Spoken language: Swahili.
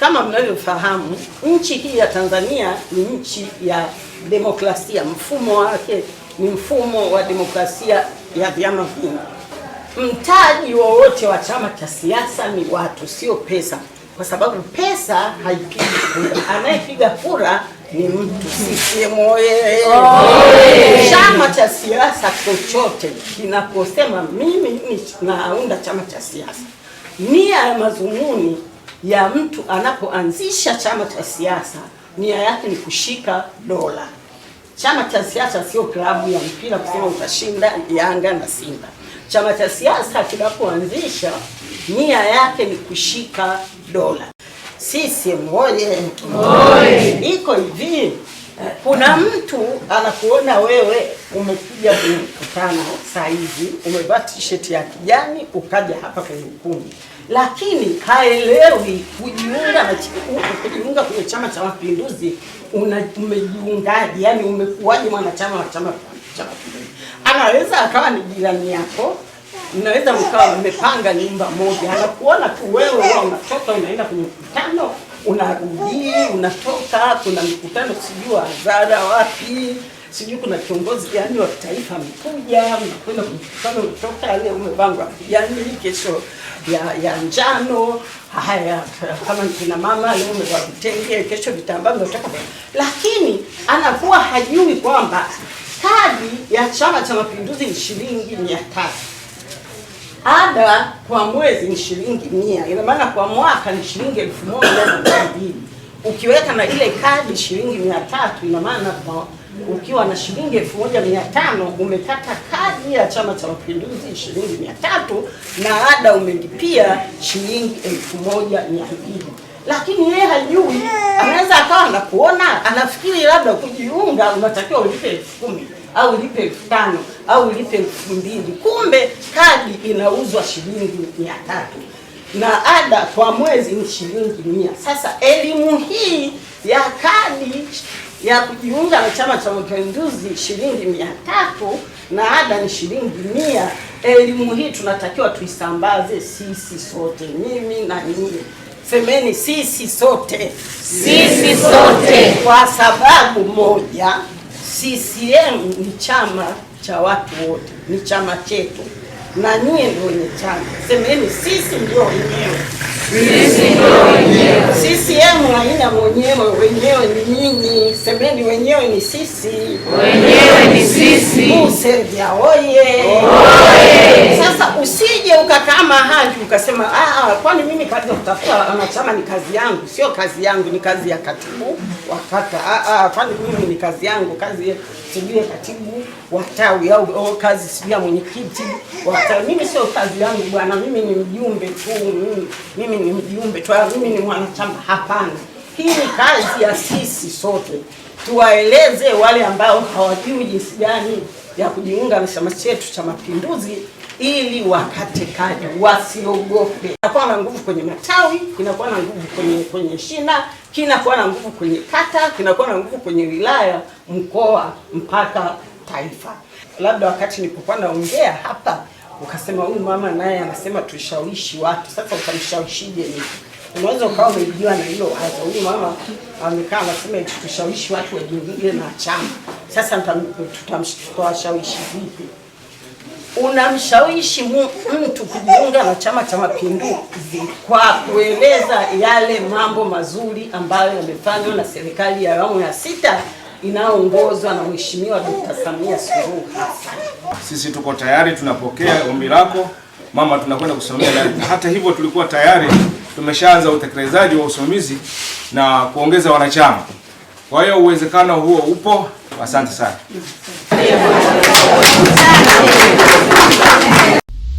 Kama mnavyofahamu nchi hii ya Tanzania ni nchi ya demokrasia, mfumo wake ni mfumo wa demokrasia ya vyama vingi. Mtaji wowote wa chama cha siasa ni watu, sio pesa kwa sababu pesa haipigi kura, anayepiga kura ni mtu. CCM oye! Chama cha siasa chochote kinaposema mimi naunda chama cha siasa, nia ya mazumuni ya mtu anapoanzisha chama cha siasa, nia yake ni kushika dola. Chama cha siasa sio klabu ya mpira kusema utashinda Yanga na Simba. Chama cha siasa kinapoanzisha nia yake ni kushika dola. Sisi moye iko hivi kuna mtu anakuona wewe umekuja kwenye mkutano saa hizi, umevaa t-shirt ya kijani ukaja hapa kwenye ukumbi, lakini haelewi kujiunga kujiunga kwenye Chama cha Mapinduzi. Umejiungaje? Yani umekuwaje mwanachama wa Chama cha Mapinduzi? Anaweza akawa ni jirani yako, naweza mkawa mmepanga nyumba moja, anakuona tu wewe unatoka unaenda kwenye mkutano unarudi unatoka, kuna mkutano sijui hadhara wapi, sijui kuna kiongozi gani wa taifa amekuja, unakwenda kumkutano, unatoka ile umevaa nguo kesho ya, ya njano. Haya, kama kina mama leo umevaa vitenge, kesho vitambaa, unatoka lakini anakuwa hajui kwamba kadi ya Chama cha Mapinduzi ni shilingi mia tatu ada kwa mwezi ni shilingi mia, ina maana kwa mwaka ni shilingi elfu moja mia mbili ukiweka na ile kadi shilingi mia tatu ina maana kwa ukiwa na shilingi elfu moja mia tano umekata kadi ya Chama cha Mapinduzi shilingi mia tatu na ada umelipia shilingi elfu moja mia mbili lakini yeye hajui, anaweza akawa anakuona anafikiri labda kujiunga unatakiwa ulipe elfu kumi au lipe elfu tano au lipe elfu mbili kumbe kadi inauzwa shilingi mia tatu na ada kwa mwezi ni shilingi mia. Sasa elimu hii ya kadi ya kujiunga na Chama cha Mapinduzi shilingi mia tatu na ada ni shilingi mia. Elimu hii tunatakiwa tuisambaze sisi sote, mimi na nyinyi. Semeni sisi sote, sisi sote, kwa sababu moja CCM ni chama cha watu wote, ni chama chetu na nyie ndio wenye chama. Semeni sisi ndio wenyewe, sisi ndio wenyewe. CCM haina mwenyewe, wenyewe ni nyinyi. Semeni wenyewe ni sisi, wenyewe ni sisi. Useja oye, oye. Sasa kama hanju ukasema ah, ah, kwani mimi kazi ya kutafuta wanachama ni kazi yangu? Sio kazi yangu, ni kazi ya katibu wa kata. Ah, ah, kwani mimi ni kazi yangu, kazi sijui ya katibu wa tawi au oh, kazi sijui ya mwenyekiti wa tawi. Mimi sio kazi yangu bwana, mimi ni mjumbe tu, mimi, mimi ni mjumbe tu, mimi ni mwanachama. Hapana, hii ni kazi ya sisi sote, tuwaeleze wale ambao hawajui jinsi gani ya kujiunga na chama chetu cha Mapinduzi ili wakate kadi, wasiogope. Inakuwa na nguvu kwenye matawi, kinakuwa na nguvu kwenye kwenye shina, kinakuwa na nguvu kwenye kata, kinakuwa na nguvu kwenye wilaya, mkoa, mpaka taifa. Labda wakati nilipokuwa naongea hapa ukasema huyu mama naye anasema tushawishi watu. Sasa utamshawishije mtu? Unaweza ukawa umeibiwa na hilo wazo. Huyu mama amekaa anasema tushawishi watu wajiunge na chama. Sasa tutawashawishi vipi? Unamshawishi mtu kujiunga na Chama cha Mapinduzi kwa kueleza yale mambo mazuri ambayo yamefanywa na serikali ya awamu ya sita inayoongozwa na Mheshimiwa Dkt. Samia Suluhu Hassan. Sisi tuko tayari, tunapokea ombi lako mama, tunakwenda kusomea. Hata hivyo tulikuwa tayari tumeshaanza utekelezaji wa usimamizi na kuongeza wanachama. Kwa hiyo uwezekano huo upo. Asante sana.